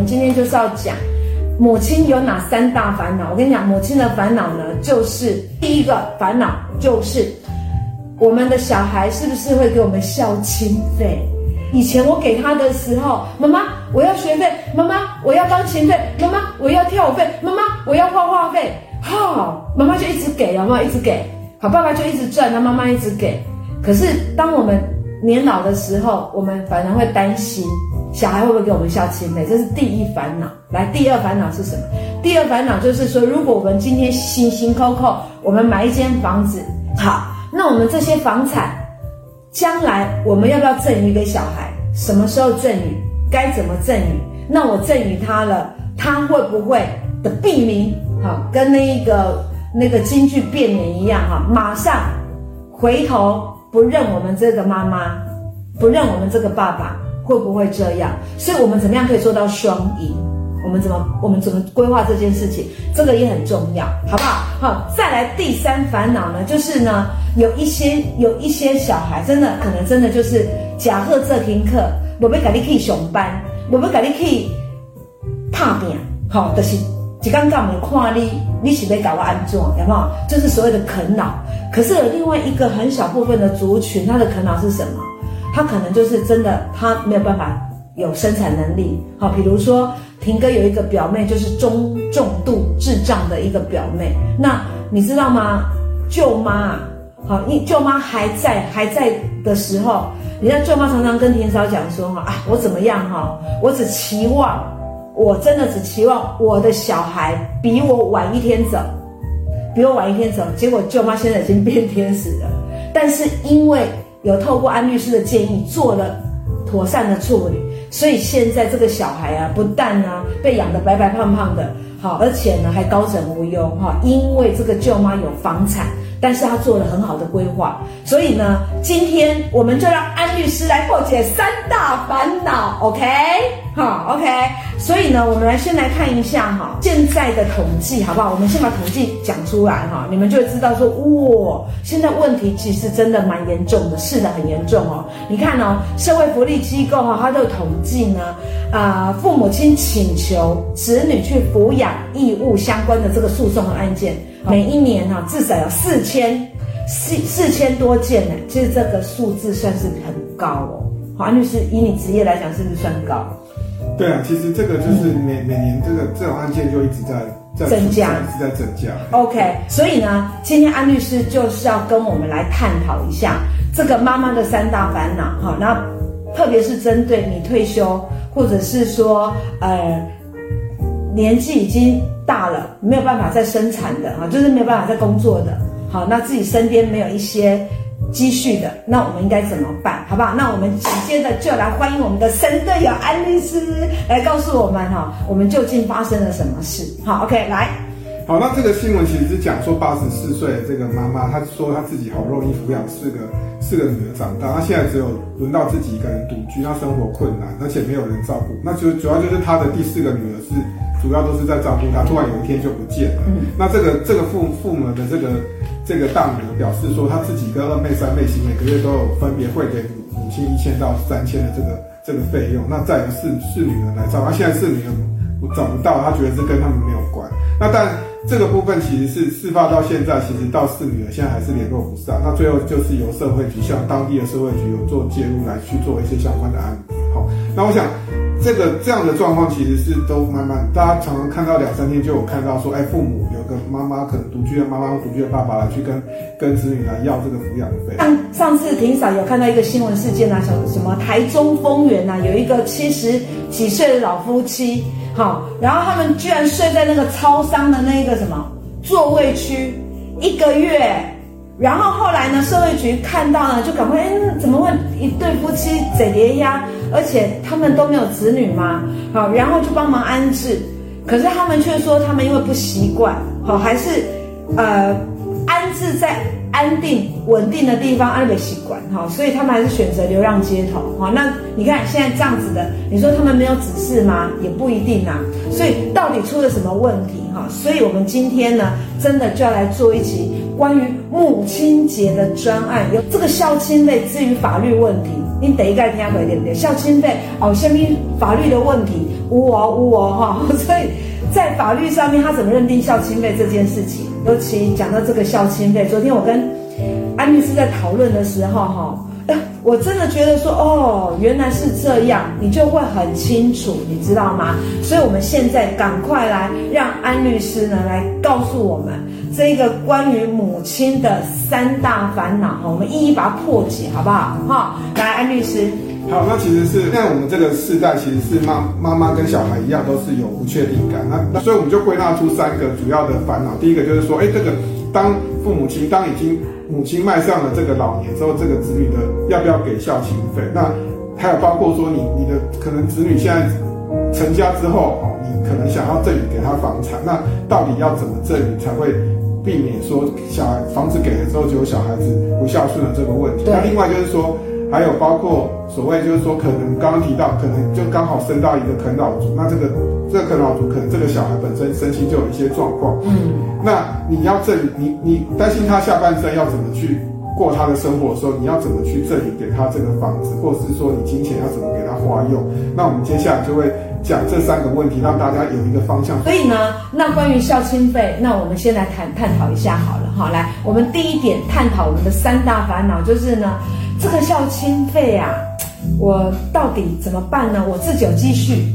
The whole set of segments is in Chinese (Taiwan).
我們今天就是要講母親有哪三大煩惱。我跟你講，母親的煩惱呢，就是第一個煩惱就是我們的小孩是不是會給我們孝親費？以前我給他的時候，媽媽我要學費，媽媽我要鋼琴費，媽媽我要跳舞費，媽媽我要畫畫費，好、哦，媽媽就一直給，媽媽一直給，好，爸爸就一直賺，然後媽媽一直給。可是當我們年老的時候，我們反而會擔心。小孩會不會給我們孝親費？這是第一煩惱。來，第二煩惱是什麼？第二煩惱就是說，如果我們今天辛辛苦苦，我們買一間房子，好，那我們這些房產，將來我們要不要贈與給小孩？什麼時候贈與？該怎麼贈與？那我贈與他了，他會不會的避名？好，跟那個那個京劇變臉一樣，哈，馬上回頭不認我們這個媽媽，不認我們這個爸爸。會不會這樣？所以我們怎麼樣可以做到雙贏？我們怎麼我們怎麼規劃這件事情？這個也很重要，好不好？好、哦，再來第三煩惱呢，就是呢，有一些有一些小孩真的可能真的就是假設這聽課，我們要改可以上班，我們要改可以拍拚，好、哦，就是一竿竿的看你，你是要搞我安怎，有沒有？就是所謂的啃老。可是有另外一個很小部分的族群，他的啃老是什麼？他可能就是真的，他沒有辦法有生產能力。好，比如說，霆哥有一個表妹，就是中重度智障的一個表妹。那你知道嗎？舅媽，好，你舅媽還在還在的時候，你家舅媽常常跟霆嫂講說哈，啊，我怎麼樣哈？我只期望，我真的只期望我的小孩比我晚一天走，比我晚一天走。結果舅媽現在已經變天使了，但是因為。有透過安律師的建議做了妥善的處理，所以現在這個小孩啊，不但呢、啊、被養得白白胖胖的，好，而且呢還高枕無憂哈，因為這個舅媽有房產。但是他做了很好的規劃，所以呢，今天我們就讓安律師來破解三大煩惱，OK？好、哦、，OK。所以呢，我們來先來看一下哈，現在的統計，好不好？我們先把統計講出來哈，你們就會知道說哇，現在問題其實真的蠻嚴重的，是的，很嚴重哦。你看哦，社會福利機構哈、哦，它都有統計呢，啊、呃，父母親請求子女去撫養義務相關的這個訴訟和案件。好每一年呢、啊，至少有四千四四千多件呢，其實這個數字算是很高哦。安律師以你職業來講，是不是算高？對啊，其實這個就是每、嗯、每年這個這種案件就一直在在增加，一直在增加。增加嗯、OK，所以呢，今天安律師就是要跟我們來探討一下這個媽媽的三大煩惱哈。那特別是針對你退休，或者是說，呃。年紀已經大了，沒有辦法再生產的啊，就是沒有辦法再工作的。好，那自己身邊沒有一些積蓄的，那我們應該怎麼辦？好不好？那我們緊接着就來歡迎我們的神隊友安律師來告訴我們哈，我們究竟發生了什麼事？好，OK，來。好、哦，那這個新聞其實是講說，八十四歲的這個媽媽，她說她自己好不容易撫養四個四個女兒長大，她現在只有輪到自己一個人獨居，她生活困難，而且沒有人照顧，那就主要就是她的第四個女兒是主要都是在照顧她，突然有一天就不見了。嗯、那這個這個父父母的這個這個大女兒表示說，他自己跟二妹三妹其實每個月都有分別會給母母親一千到三千的這個這個費用，那再由四四女兒來照，那現在四女兒我找不到，他覺得是跟他們沒有關。那但。這個部分其實是事發到現在，其實到四女兒現在還是聯絡不上。那最後就是由社會局向當地的社會局有做介入來去做一些相關的案子。好，那我想這個這樣的狀況其實是都慢慢，大家常常看到兩三天就有看到說，哎，父母有個媽媽可能獨居的媽媽或獨居的爸爸來去跟跟子女來要這個撫養費。但上次霆嫂有看到一個新聞事件啊小什麼台中豐原吶，有一個七十幾歲的老夫妻。哦，然後他們居然睡在那個超商的那個什麼座位區一個月，然後後來呢，社會局看到呢，就趕快，哎，怎麼會一對夫妻嘴疊壓，而且他們都沒有子女嗎？好，然後就幫忙安置，可是他們卻說他們因為不習慣，好，還是，呃。是在安定穩定的地方安頓習慣，哈、啊哦，所以他們還是選擇流浪街頭，哈、哦。那你看現在這樣子的，你說他們沒有指示嗎？也不一定啊。所以到底出了什麼問題，哈、哦？所以我們今天呢，真的就要來做一期關於母親節的專案，有這個孝親費至於法律問題，你等一下聽回對不對？孝親費哦，下面法律的問題，嗚哦嗚哦哈、哦，所以。在法律上面，他怎麼認定孝親費這件事情？尤其講到這個孝親費，昨天我跟安律師在討論的時候，哈，我真的覺得說，哦，原來是這樣，你就會很清楚，你知道嗎？所以，我們現在趕快來讓安律師呢來告訴我們這個關於母親的三大煩惱，哈，我們一一把它破解，好不好？哈，來，安律師。好，那其實是現在我們這個時代，其實是媽媽媽跟小孩一樣，都是有不確定感那。那所以我們就歸納出三個主要的煩惱。第一個就是說，哎，這個當父母親，當已經母親邁上了這個老年之後，這個子女的要不要給孝親費？那還有包括說你，你你的可能子女現在成家之後，哦，你可能想要贈予給他房產，那到底要怎麼贈與，才會避免說小孩房子給了之後就有小孩子不孝順的這個問題？對那另外就是說。還有包括所謂就是說，可能剛剛提到，可能就剛好生到一個啃老族，那這個這個啃老族可能這個小孩本身身心就有一些狀況，嗯，那你要這裡你你擔心他下半生要怎麼去過他的生活的時候，你要怎麼去這裡給他這個房子，或者是說你金錢要怎麼給他花用？那我們接下來就會講這三個問題，讓大家有一個方向。所以呢，那關於孝親費，那我們先來談探討一下好了，好，來，我們第一點探討我們的三大煩惱就是呢。這個孝親費啊我到底怎麼辦呢？我自己有積蓄，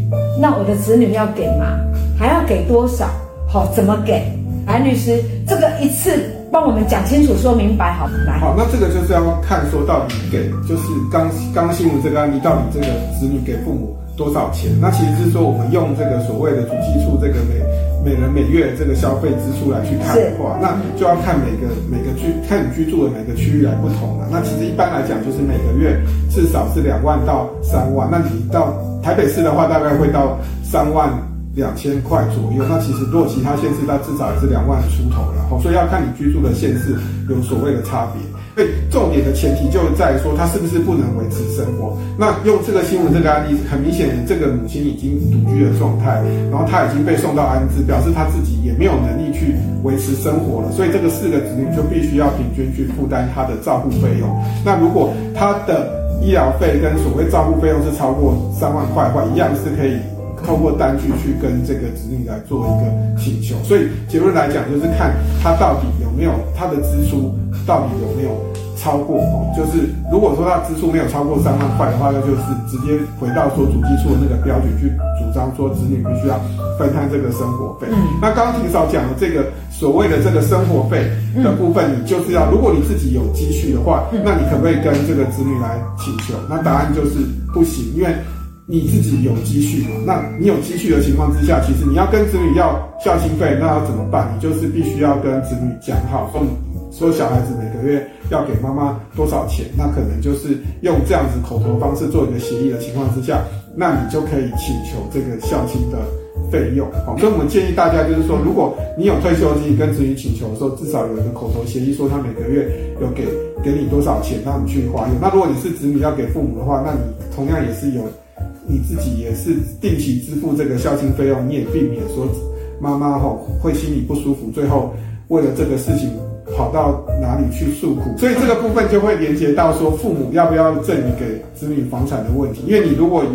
那我的子女要給嗎？還要給多少？好、哦，怎麼給？安律師，這個一次幫我們講清楚、說明白好。來，好，那這個就是要看說到底給，就是剛剛新聞這個案、啊、例，到底這個子女給父母多少錢？那其實是說我們用這個所謂的主計處這個沒。每人每月這個消費支出來去看的話，是那就要看每個每個居看你居住的每個區域來不同了。那其實一般來講，就是每個月至少是兩萬到三萬。那你到台北市的話，大概會到三萬兩千塊左右。那其實若其他縣市，那至少也是兩萬出頭了。所以要看你居住的縣市有所謂的差別。對，重點的前提就在說他是不是不能維持生活。那用這個新聞這個案例，很明顯，這個母親已經獨居的狀態，然後她已經被送到安置，表示她自己也沒有能力去維持生活了。所以這個四個子女就必須要平均去負擔她的照顧費用。那如果她的醫療費跟所謂照顧費用是超過三萬塊的話，一樣是可以透過單據去跟這個子女來做一個請求，所以結論來講，就是看他到底有沒有他的支出，到底有沒有超過。就是如果說他支出沒有超過三萬塊的話，那就是直接回到說主計處的那個標準去主張說子女必須要分攤這個生活費。嗯。那剛剛庭嫂講的這個所謂的這個生活費的部分，你就是要，如果你自己有積蓄的話，那你可不可以跟這個子女來請求？那答案就是不行，因為。你自己有積蓄嘛，那你有積蓄的情況之下，其實你要跟子女要孝親費，那要怎麼辦？你就是必須要跟子女講好，說你說小孩子每個月要給媽媽多少錢，那可能就是用這樣子口頭方式做一個協議的情況之下，那你就可以請求這個孝親的費用。哦，所以，我們建議大家就是說，如果你有退休金跟子女請求的時候，至少有一個口頭協議，說他每個月有給給你多少錢，讓你去花。那如果你是子女要給父母的話，那你同樣也是有。你自己也是定期支付這個孝親費用，你也避免說媽媽吼會心裡不舒服，最後為了這個事情跑到哪裡去訴苦，所以這個部分就會連接到說父母要不要贈予給子女房產的問題。因為你如果有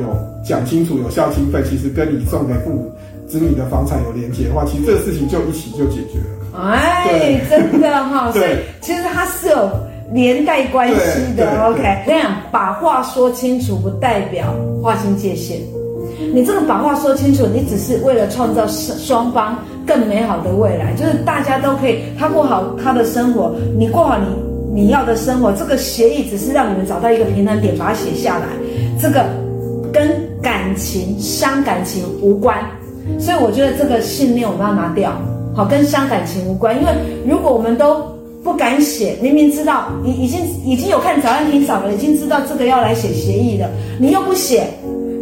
講清楚有孝親費，其實跟你送給父母子女的房產有連接的話，其實這個事情就一起就解決了。哎，對 真的哈、哦， 對，所以其實他是有。連帶關係的，OK，這樣把話說清楚不代表劃清界限。你這個把話說清楚，你只是為了創造雙雙方更美好的未來，就是大家都可以他過好他的生活，你過好你你要的生活。這個協議只是讓你們找到一個平衡點，把它寫下來。這個跟感情傷感情無關，所以我覺得這個信念我們要拿掉，好，跟傷感情無關。因為如果我們都.不敢寫，明明知道，已已經已經有看找安霆嫂了，已經知道這個要來寫協議的，你又不寫，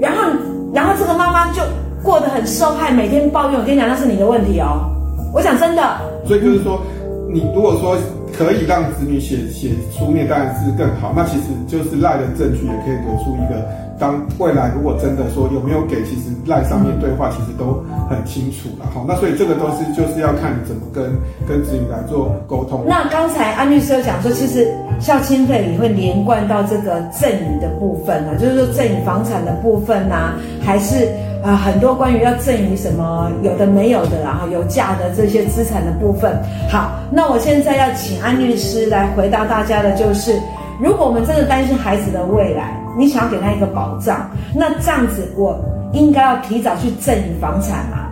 然後，然後這個媽媽就過得很受害，每天抱怨。我跟你講，那是你的問題哦。我講真的，所以就是說，你如果說可以讓子女寫寫書面，當然是更好。那其實就是賴的證據，也可以得出一個。當未來如果真的說有沒有給，其實 LINE 上面對話其實都很清楚了，嗯。好，那所以這個都是就是要看你怎麼跟跟子女來做溝通。那剛才安律師有講說，其實孝親費也會連貫到這個贈與的部分呢，啊，就是說贈與房產的部分吶，啊，還是啊、呃、很多關於要贈與什麼有的沒有的，啊，然後有價的這些資產的部分。好，那我現在要請安律師來回答大家的就是，如果我們真的擔心孩子的未來。你想要給他一個保障，那這樣子我應該要提早去贈與房產嘛、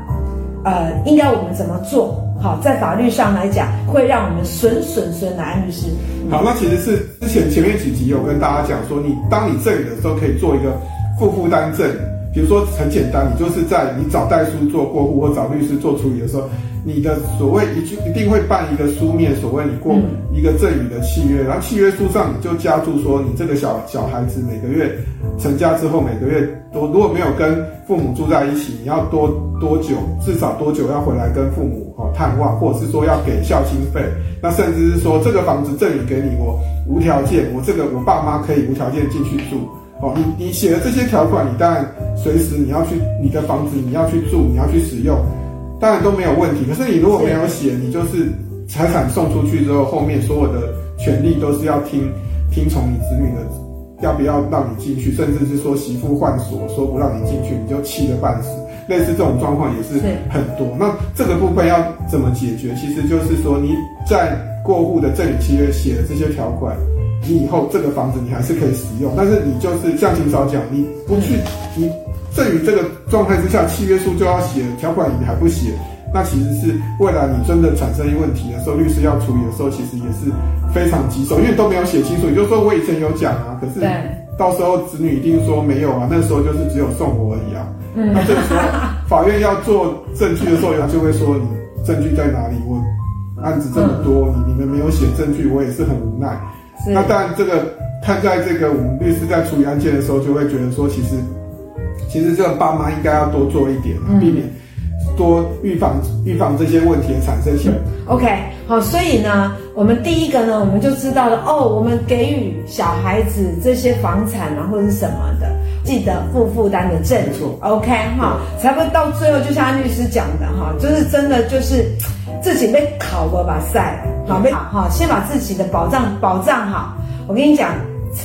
啊？呃，應該我們怎麼做？好，在法律上來講，會讓我們損損損的。安律師，好，那其實是之前前面幾集有跟大家講說，你當你贈與的時候，可以做一個附負擔贈，比如說很簡單，你就是在你找代書做過戶或找律師做處理的時候。你的所謂一定一定會辦一個書面所謂你過一個贈與的契約，然後契約書上你就加注說，你這個小小孩子每個月成家之後每個月多，如果沒有跟父母住在一起，你要多多久，至少多久要回來跟父母哦探望，或者是說要給孝親費，那甚至是說這個房子贈與給你，我無條件我這個我爸媽可以無條件進去住哦，你你寫的這些條款，你當然隨時你要去你的房子，你要去住，你要去住，你要去使用。當然都沒有問題，可是你如果沒有寫，是你就是財產送出去之後，後面所有的權利都是要聽聽從你子女的，要不要讓你進去，甚至是說媳婦換鎖，說不讓你進去，你就氣得半死。類似這種狀況也是很多。對那這個部分要怎麼解決？其實就是說你在過戶的贈與契約寫了這些條款，你以後這個房子你還是可以使用，但是你就是降低少獎你不去，嗯、哼你。至於這個狀態之下，契約書就要寫條款，你還不寫，那其實是未來你真的產生一問題的時候，律師要處理的時候，其實也是非常棘手，因為都沒有寫清楚。也就是說，我以前有講啊，可是到時候子女一定說沒有啊，那時候就是只有送我而已啊。那這個時候法院要做證據的時候，他就會說：“你證據在哪裡？我案子這麼多，嗯、你們沒有寫證據，我也是很無奈。是”那當然這個看在這個我們律師在處理案件的時候，就會覺得說，其實。其實這個爸媽應該要多做一點，避免多預防、嗯、預防、預防這些問題的產生起來。嗯、OK，好、哦，所以呢，我們第一個呢，我們就知道了哦，我們給予小孩子這些房產啊或者是什麼的，記得附負擔的贈與。OK，哈，才會到最後就像安律師講的哈、哦，就是真的就是自己被烤過吧塞，嗯、好被哈，先把自己的保障保障好。我跟你講。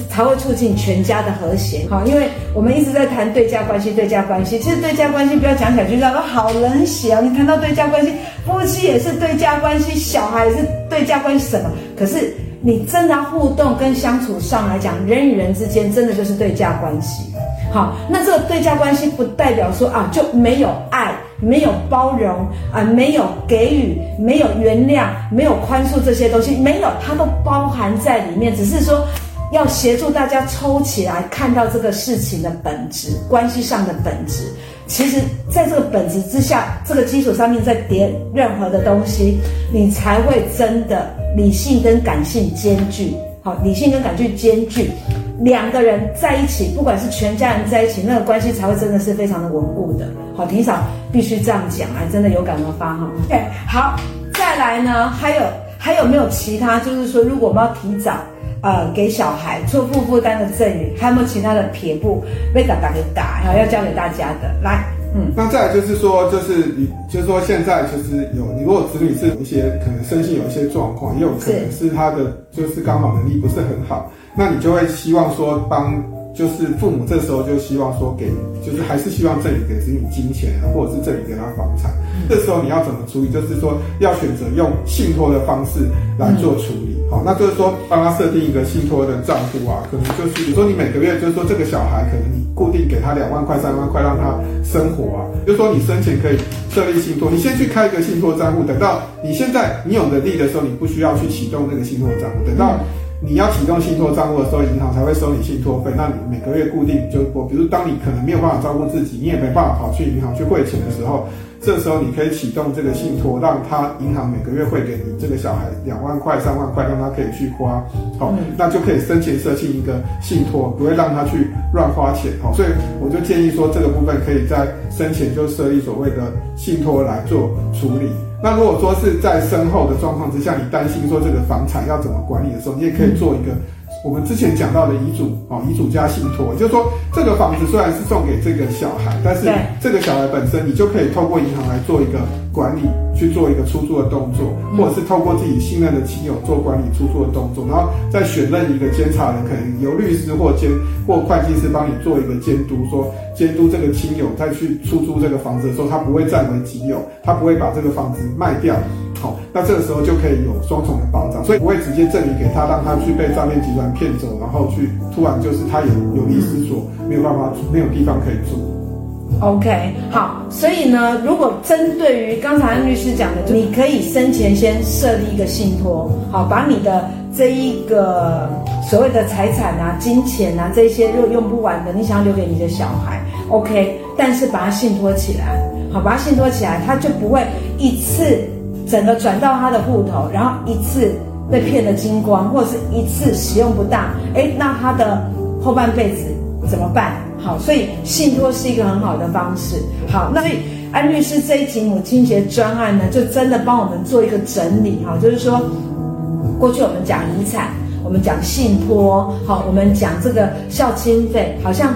才會促進全家的和諧，好，因為我們一直在談對價關係，對價關係，其實對價關係不要講起來就覺得好冷血啊，你談到對價關係，夫妻也是對價關係，小孩也是對價關係，什麼？可是你真的互動跟相處上來講，人與人之間真的就是對價關係，好，那這個對價關係不代表說啊就沒有愛，沒有包容，啊沒有給予，沒有原諒，沒有寬恕這些東西，沒有，它都包含在裡面，只是說。要協助大家抽起來，看到這個事情的本質，關係上的本質。其實，在這個本質之下，這個基礎上面再疊任何的東西，你才會真的理性跟感性兼具。好，理性跟感性兼具，兩個人在一起，不管是全家人在一起，那個關係才會真的是非常的穩固的。好，提早必須這樣講啊，還真的有感而發哈。好，再來呢，還有還有沒有其他？就是說，如果我們要提早。呃，給小孩做附負擔的贈與，還有沒有其他的撇步被大大給然後要教給大家的？來，嗯，那再來就是說，就是你，就是說現在就是有你，如果子女是有一些可能身心有一些狀況，也有是可能是他的就是剛好能力不是很好，那你就會希望說幫。就是父母這時候就希望說給，就是還是希望贈與給子女金錢，或者是贈與給他房產。這時候你要怎麼處理？就是說要選擇用信托的方式來做處理。好，那就是說幫他設定一個信托的賬戶啊，可能就是比如說你每個月就是說這個小孩可能你固定給他兩萬塊、三萬塊讓他生活啊，就是說你生前可以設立信托，你先去開一個信托賬戶，等到你現在你有能力的時候，你不需要去啟動那個信托賬戶，等到。你要啟動信托賬戶的時候，銀行才會收你信托費。那你每個月固定就，我比如說當你可能沒有辦法照顧自己，你也沒辦法跑去銀行去匯錢的時候，嗯、這時候你可以啟動這個信托，讓他銀行每個月匯給你這個小孩兩萬塊、三萬塊，讓他可以去花，好、嗯哦，那就可以生前設計一個信托，不會讓他去亂花錢，好、哦，所以我就建議說，這個部分可以在生前就設立所謂的信托來做處理。那如果說是在身後的狀況之下，你擔心說這個房產要怎麼管理的時候，你也可以做一個我們之前講到的遺囑哦，遺囑加信託，就是說這個房子雖然是送給這個小孩，但是這個小孩本身你就可以透過銀行來做一個管理，去做一個出租的動作，或者是透過自己信任的親友做管理出租的動作，然後再選任一個監察人，可能由律師或監或會計師幫你做一個監督說，說監督這個親友再去出租這個房子的時候，他不會佔為己有，他不會把這個房子賣掉，好，那這個時候就可以有雙重的保障，所以不會直接贈與給他，讓他去被詐騙集團騙走，然後去突然就是他有有利思所，沒有辦法住，沒有地方可以住。OK，好，所以呢，如果針對於剛才安律師講的，你可以生前先設立一個信托，好，把你的這一個所謂的財產啊、金錢啊這些，如果用不完的，你想要留給你的小孩，OK，但是把它信托起來，好，把它信托起來，他就不會一次整個轉到他的戶頭，然後一次被騙得精光，或者是一次使用不當。哎，那他的後半輩子怎麼辦？好，所以信託是一個很好的方式。好，那安律師這一集母親節專案呢，就真的幫我們做一個整理哈。就是說，過去我們講遺產，我們講信託，好，我們講這個孝親費，好像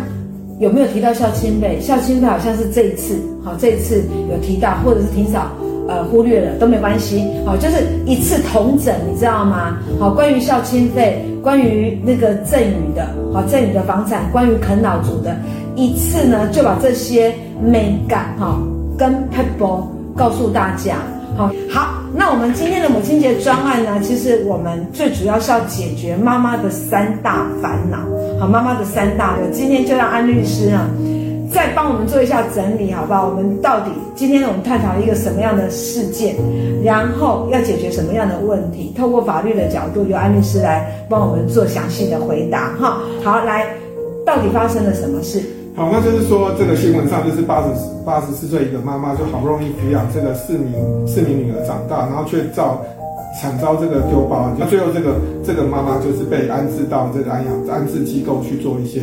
有沒有提到孝親費？孝親費好像是這一次，好，這一次有提到，或者是提早。呃，忽略了都沒關係，好、哦，就是一次同整你知道嗎？好、哦，關於孝親費，關於那個贈與的，好、哦，贈與的房產，關於啃老族的，一次呢就把這些美感哈、哦、跟撇步告訴大家，好、哦、好，那我們今天的母親節專案呢，其實我們最主要是要解決媽媽的三大煩惱，好，媽媽的三大，我今天就讓安律師呢再幫我們做一下整理，好不好？我們到底今天我們探討一個什麼樣的事件，然後要解決什麼樣的問題？透過法律的角度，由安律師來幫我們做詳細的回答，哈。好，來，到底發生了什麼事？好，那就是說，這個新聞上就是八十八十四歲一個媽媽，就好不容易培養這個四名四名女兒長大，然後卻遭慘遭這個丟包，那最後這個這個媽媽就是被安置到這個安養安置機構去做一些。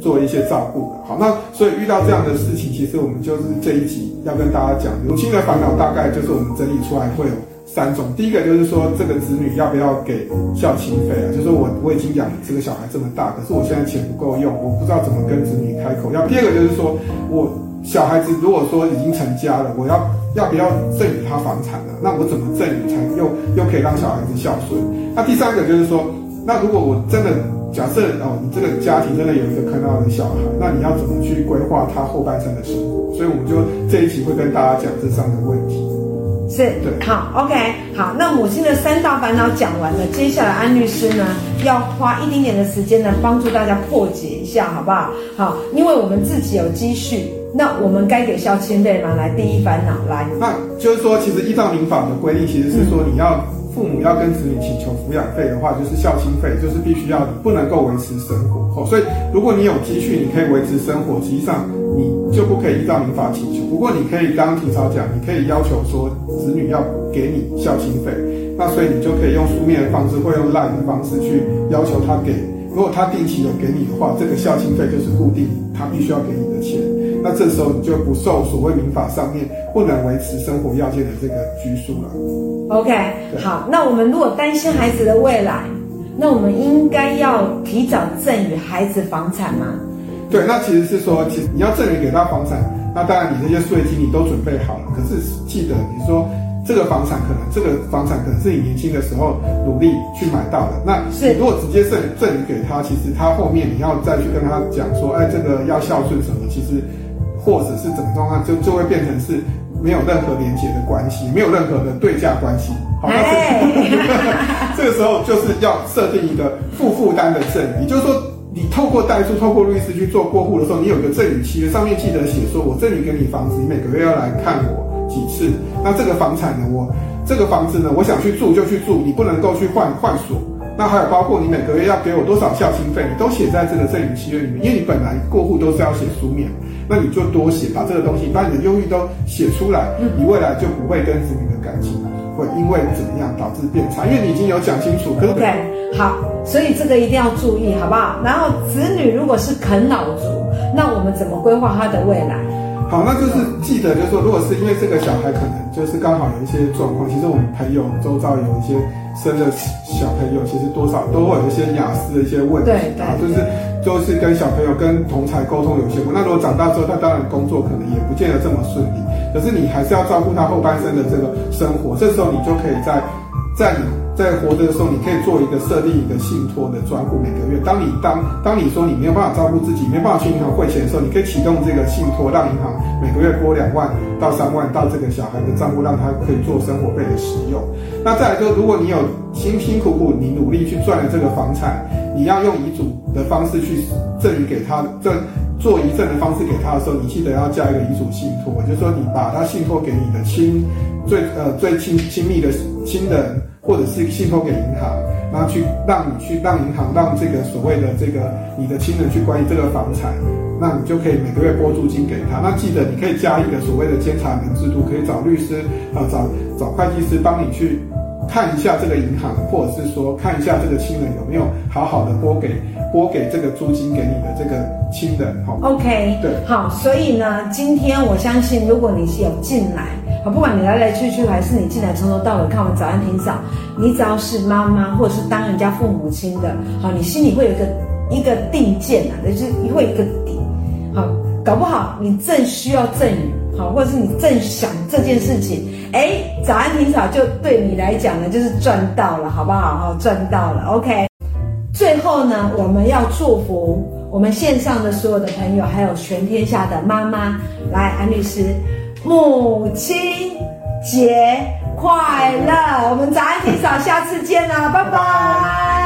做一些照顧的好，那所以遇到這樣的事情，其實我們就是這一集要跟大家講母親的煩惱，大概就是我們整理出來會有三種。第一個就是說，這個子女要不要給孝親費啊？就是我我已經養了這個小孩這麼大，可是我現在錢不夠用，我不知道怎麼跟子女開口要。第二個就是說，我小孩子如果說已經成家了，我要要不要贈予他房產了啊？那我怎麼贈予才又又可以讓小孩子孝順？那第三個就是說。那如果我真的假設哦，你這個家庭真的有一個啃老的小孩，那你要怎麼去規劃他後半生的生活？所以我們就這一期會跟大家講這三個問題。是，對，好，OK，好。那母親的三大煩惱講完了，接下來安律師呢要花一點點的時間來幫助大家破解一下，好不好？好，因為我們自己有積蓄，那我們該給孝親費嗎？來，第一煩惱，來。那就是說，其實依照民法的規定，其實是說、嗯、你要。父母要跟子女請求撫養費的話，就是孝親費，就是必須要不能夠維持生活，哦。所以，如果你有積蓄，你可以維持生活，實際上你就不可以依照民法請求。不過，你可以剛剛霆嫂講，你可以要求說子女要給你孝親費，那所以你就可以用書面的方式或者用 LINE 的方式去要求他給。如果他定期的給你的話，這個孝親費就是固定他必須要給你的錢。那這時候你就不受所謂民法上面不能維持生活要件的這個拘束了。OK，好，對那我們如果擔心孩子的未來，那我們應該要提早贈與孩子房產嗎？對，那其實是說，你你要贈與給他房產，那當然你這些稅金你都準備好了。可是記得你說，這個房產可能這個房產可能是你年輕的時候努力去買到的。那你如果直接贈贈與給他，其實他後面你要再去跟他講說，哎，這個要孝順什麼，其實或者是怎麼狀況，就就會變成是。沒有任何連接的關係，沒有任何的對價關係。好，那這個時候就是要設定一個附負，負擔的贈與，也就是說，你透過代書、透過律師去做過戶的時候，你有一個贈與契約，上面記得寫說，我贈與給你房子，你每個月要來看我幾次。那這個房產呢，我這個房子呢，我想去住就去住，你不能夠去換換鎖。那還有包括你每個月要給我多少孝心費，你都寫在這個贈與契約裡面，因為你本來過戶都是要寫書面。那你就多寫，把這個東西，把你的憂鬱都寫出來，你未來就不會跟子女的感情、嗯、會因為怎麼樣導致變差，因為你已經有講清楚，可不可以？Okay, 好，所以這個一定要注意，好不好？然後子女如果是啃老族，那我們怎麼規劃他的未來？好，那就是記得，就是說，如果是因為這個小孩可能就是剛好有一些狀況，其實我們朋友周遭有一些生的小朋友，其實多少都會有一些亞斯的一些問題，對對，就是。就是跟小朋友、跟同才溝通有些。那如果長大之後，他當然工作可能也不見得這麼順利，可是你還是要照顧他後半生的這個生活。這時候你就可以在，在你，在活着的時候，你可以做一個設立一個信託的專戶，每個月，當你當當你說你沒有辦法照顧自己，沒有辦法去銀行匯錢的時候，你可以啟動這個信託，讓銀行每個月撥兩萬到三萬到這個小孩的賬戶，讓他可以做生活費的使用。那再來說，如果你有辛辛苦苦你努力去賺的這個房產。你要用遺囑的方式去贈與給他，贈，做遺贈的方式給他的時候，你記得要加一個遺囑信託，就是說你把它信託給你的親最呃最親親密的親人，或者是信託給銀行，然後去讓你去讓銀行讓這個所謂的這個你的親人去管理這個房產，那你就可以每個月撥租金給他。那記得你可以加一個所謂的監察人制度，可以找律師啊、呃、找找會計師幫你去。看一下這個銀行，或者是說看一下這個親人有沒有好好的撥給撥給這個租金給你的這個親人，好 OK，對，好，所以呢，今天我相信，如果你是有進來，啊，不管你來來去去，還是你進來從頭到尾看我們找安霆嫂，你只要是媽媽或者是當人家父母親的，好，你心裡會有一個一個定見吶，那就是、會有一個底。好，搞不好你正需要贈與，好，或者是你正想這件事情。哎，早安，霆嫂，就對你來講呢，就是賺到了，好不好？好賺到了，OK。最後呢，我們要祝福我們線上的所有的朋友，還有全天下的媽媽，來，安律師，母親節快樂！我們早安，霆嫂，下次見了，拜拜。